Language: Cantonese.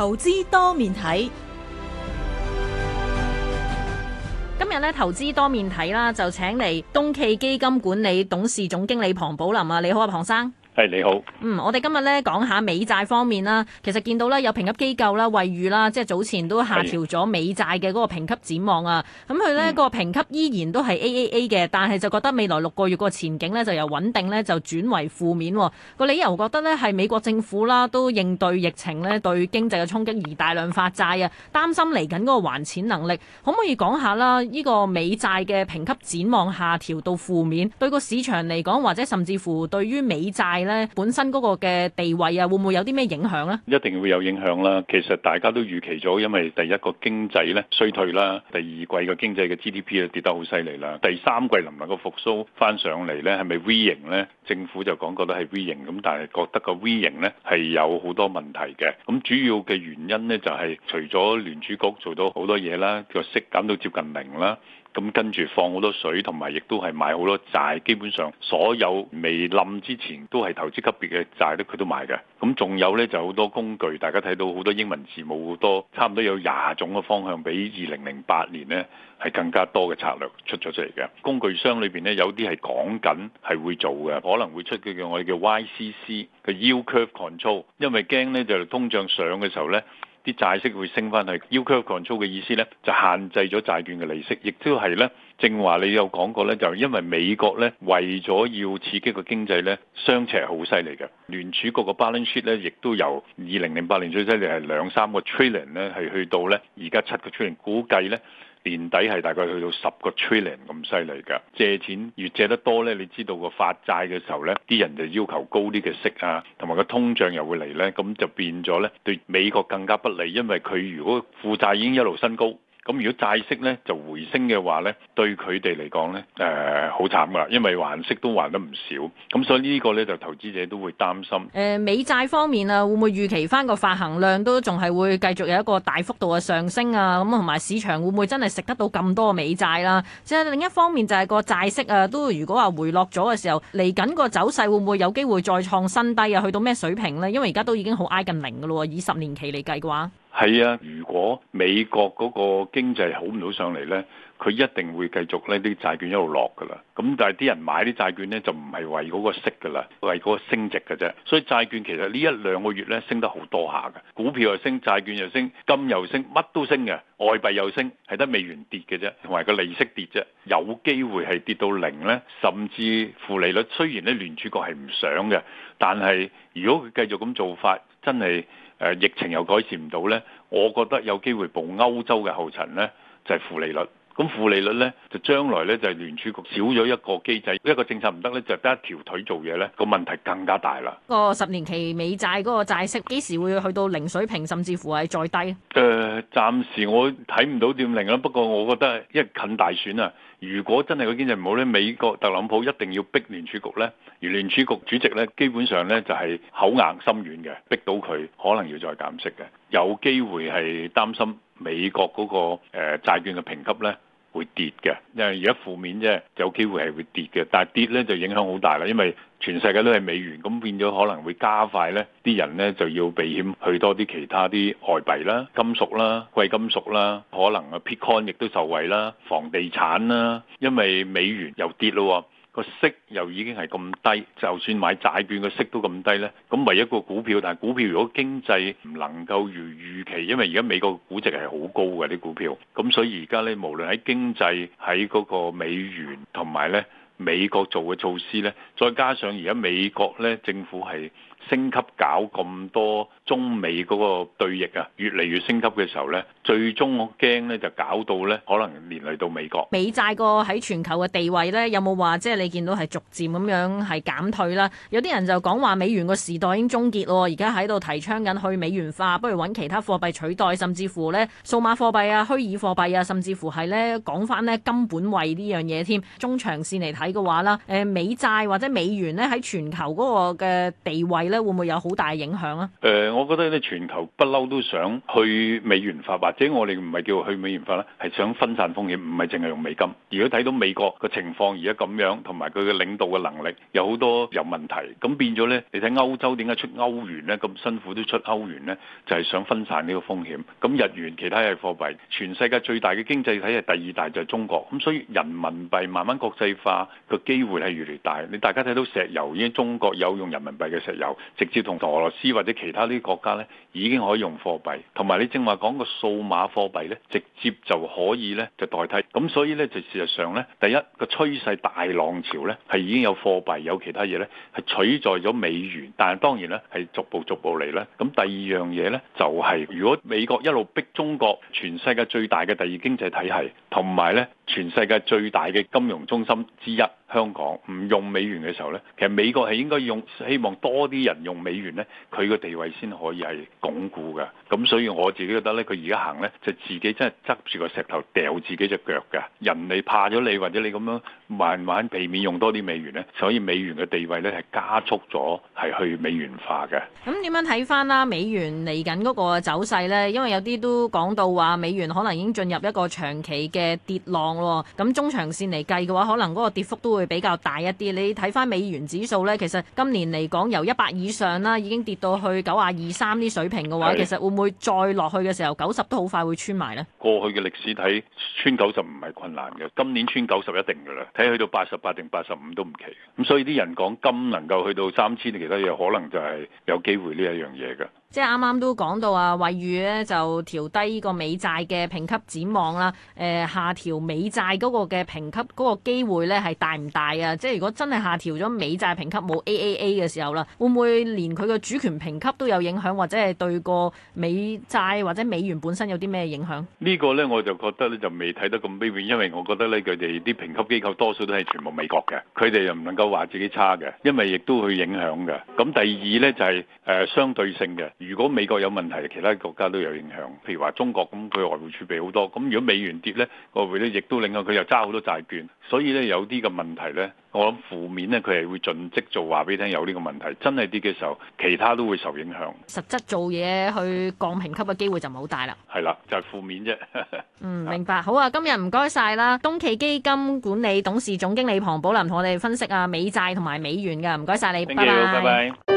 投資多面睇，今日咧投資多面睇啦，就請嚟東驥基金管理董事總經理龐寶林啊！你好啊，龐生。係，你好，嗯，我哋今日咧講下美債方面啦。其實見到咧有評級機構啦，惠譽啦，即係早前都下調咗美債嘅嗰個評級展望啊。咁佢咧個評級依然都係 AAA 嘅，但係就覺得未來六個月個前景咧就由穩定咧就轉為負面哦。個理由覺得咧係美國政府啦都應對疫情咧對經濟嘅衝擊而大量發債啊，擔心嚟緊嗰個還錢能力。可唔可以講下啦？呢個美債嘅評級展望下調到負面，對個市場嚟講，或者甚至乎對於美債本身嗰個嘅地位啊，會唔會有啲咩影響咧？一定會有影響啦。其實大家都預期咗，因為第一個經濟咧衰退啦，第二季嘅經濟嘅 GDP 咧跌得好犀利啦。第三季能唔能夠復甦翻上嚟咧，係咪 V 型咧？政府就講覺得係 V 型咁，但係覺得個 V 型咧係有好多問題嘅。咁主要嘅原因咧就係、是、除咗聯儲局做到好多嘢啦，個息減到接近零啦。咁跟住放好多水，同埋亦都係買好多債。基本上所有未冧之前都，都係投資級別嘅債咧，佢都買嘅。咁仲有呢，就好多工具。大家睇到好多英文字母，好多差唔多有廿種嘅方向，比二零零八年呢係更加多嘅策略出咗出嚟嘅。工具箱裏邊呢，有啲係講緊係會做嘅，可能會出佢嘅我哋叫 YCC 嘅 Yield Curve Control，因為驚呢就係通脹上嘅時候呢。啲債息會升翻去，Yield curve control 嘅意思咧，就限制咗債券嘅利息，亦都係咧，正話你有講過咧，就因為美國咧為咗要刺激個經濟咧，雙赤好犀利嘅，聯儲局個 balance sheet 咧，亦都由二零零八年最犀利係兩三個 trillion 咧，係去到咧而家七個 trillion，估計咧。年底係大概去到十個 trillion 咁犀利㗎，借錢越借得多呢，你知道個發債嘅時候呢，啲人就要求高啲嘅息啊，同埋個通脹又會嚟呢。咁就變咗呢，對美國更加不利，因為佢如果負債已經一路升高。咁如果債息咧就回升嘅話咧，對佢哋嚟講咧，誒好慘㗎喇，因為還息都還得唔少，咁、嗯、所以個呢個咧就投資者都會擔心。誒、呃、美債方面啊，會唔會預期返個發行量都仲係會繼續有一個大幅度嘅上升啊？咁同埋市場會唔會真係食得到咁多美債啦、啊？即、就、係、是、另一方面就係個債息啊，都如果話回落咗嘅時候，嚟緊個走勢會唔會有機會再創新低啊？去到咩水平咧？因為而家都已經好挨近零㗎喇，以十年期嚟計嘅話。係啊，如果美國嗰個經濟好唔到上嚟呢，佢一定會繼續呢啲債券一路落㗎啦。咁但係啲人買啲債券呢，就唔係為嗰個息㗎啦，為嗰個升值㗎啫。所以債券其實呢一兩個月呢，升得好多下㗎，股票又升，債券又升，金又升，乜都升嘅，外幣又升，係得美元跌嘅啫，同埋個利息跌啫。有機會係跌到零呢，甚至負利率。雖然呢聯儲局係唔想嘅，但係如果佢繼續咁做法，真係。誒、啊、疫情又改善唔到呢，我覺得有機會步歐洲嘅後塵呢，就係、是、負利率。咁負利率呢，就將來呢，就係、是、聯儲局少咗一個機制，一個政策唔得呢，就得一條腿做嘢呢，個問題更加大啦。個十年期美債嗰個債息幾時會去到零水平，甚至乎係再低？誒、呃，暫時我睇唔到點零啦。不過我覺得一近大選啊！如果真係個經濟唔好咧，美國特朗普一定要逼聯儲局咧，而聯儲局主席咧，基本上咧就係口硬心軟嘅，逼到佢可能要再減息嘅，有機會係擔心美國嗰、嗰個誒、呃、債券嘅評級咧。會跌嘅，因為而家負面即係有機會係會跌嘅，但係跌咧就影響好大啦，因為全世界都係美元，咁變咗可能會加快咧，啲人咧就要避險，去多啲其他啲外幣啦、金屬啦、貴金屬啦，可能個 Bitcoin 亦都受惠啦、房地產啦，因為美元又跌咯。個息又已經係咁低，就算買債券個息都咁低呢。咁唯一,一個股票，但係股票如果經濟唔能夠如預期，因為而家美國股值係好高嘅啲股票，咁所以而家呢，無論喺經濟喺嗰個美元同埋呢。美國做嘅措施呢，再加上而家美國咧政府係升級，搞咁多中美嗰個對弈啊，越嚟越升級嘅時候呢，最終我驚呢就搞到呢可能連累到美國。美債個喺全球嘅地位呢有冇話即係你見到係逐漸咁樣係減退啦？有啲人就講話美元個時代已經終結咯，而家喺度提倡緊去美元化，不如揾其他貨幣取代，甚至乎呢數碼貨幣啊、虛擬貨幣啊，甚至乎係呢講翻呢金本位呢樣嘢添。中長線嚟睇。嘅話啦，誒，美債或者美元咧喺全球嗰個嘅地位咧，會唔會有好大影響啊？誒、呃，我覺得咧，全球不嬲都想去美元化，或者我哋唔係叫去美元化啦，係想分散風險，唔係淨係用美金。如果睇到美國嘅情況而家咁樣，同埋佢嘅領導嘅能力有好多有問題，咁變咗咧，你睇歐洲點解出歐元咧，咁辛苦都出歐元咧，就係、是、想分散呢個風險。咁日元、其他嘅貨幣，全世界最大嘅經濟體系第二大就係、是、中國，咁所以人民幣慢慢國際化。個機會係越嚟越大，你大家睇到石油已經中國有用人民幣嘅石油，直接同俄羅斯或者其他啲國家呢已經可以用貨幣，同埋你正話講個數碼貨幣呢，直接就可以呢就代替。咁所以呢，就事實上呢，第一個趨勢大浪潮呢係已經有貨幣有其他嘢呢係取代咗美元，但係當然呢係逐步逐步嚟啦。咁第二樣嘢呢，就係、是、如果美國一路逼中國，全世界最大嘅第二經濟體系，同埋呢。全世界最大嘅金融中心之一。香港唔用美元嘅時候咧，其實美國係應該用希望多啲人用美元咧，佢個地位先可以係鞏固嘅。咁所以我自己覺得咧，佢而家行咧就自己真係執住個石頭掉自己隻腳嘅。人哋怕咗你或者你咁樣慢慢避免用多啲美元咧，所以美元嘅地位咧係加速咗係去美元化嘅。咁點樣睇翻啦？美元嚟緊嗰個走勢咧，因為有啲都講到話美元可能已經進入一個長期嘅跌浪咯。咁中長線嚟計嘅話可能嗰個跌幅都會。會比較大一啲，你睇翻美元指數咧，其實今年嚟講由一百以上啦，已經跌到去九啊二三啲水平嘅話，其實會唔會再落去嘅時候九十都好快會穿埋呢？過去嘅歷史睇穿九十唔係困難嘅，今年穿九十一定噶啦，睇去到八十八定八十五都唔奇。咁所以啲人講金能夠去到三千，其實有可能就係有機會呢一樣嘢嘅。即係啱啱都講到啊，惠譽咧就調低呢個美債嘅評級展望啦。誒，下調美債嗰個嘅評級嗰個機會咧係大唔大啊？即係如果真係下調咗美債評級冇 AAA 嘅時候啦，會唔會連佢嘅主權評級都有影響，或者係對個美債或者美元本身有啲咩影響？呢個咧我就覺得咧就未睇得咁卑微，因為我覺得咧佢哋啲評級機構多數都係全部美國嘅，佢哋又唔能夠話自己差嘅，因為亦都會影響嘅。咁第二咧就係誒相對性嘅。如果美國有問題，其他國家都有影響。譬如話中國咁，佢外匯儲備好多，咁如果美元跌呢，外匯咧亦都令到佢又揸好多債券。所以咧有啲嘅問題呢，我諗負面呢，佢係會盡職做話俾你聽有呢個問題。真係跌嘅時候，其他都會受影響。實質做嘢去降評級嘅機會就唔好大啦。係啦，就係、是、負面啫。 嗯，明白。好啊，今日唔該晒啦，東企驥基金管理董事總經理龐寶林同我哋分析啊美債同埋美元嘅，唔該晒，你。謝謝，拜拜。拜拜。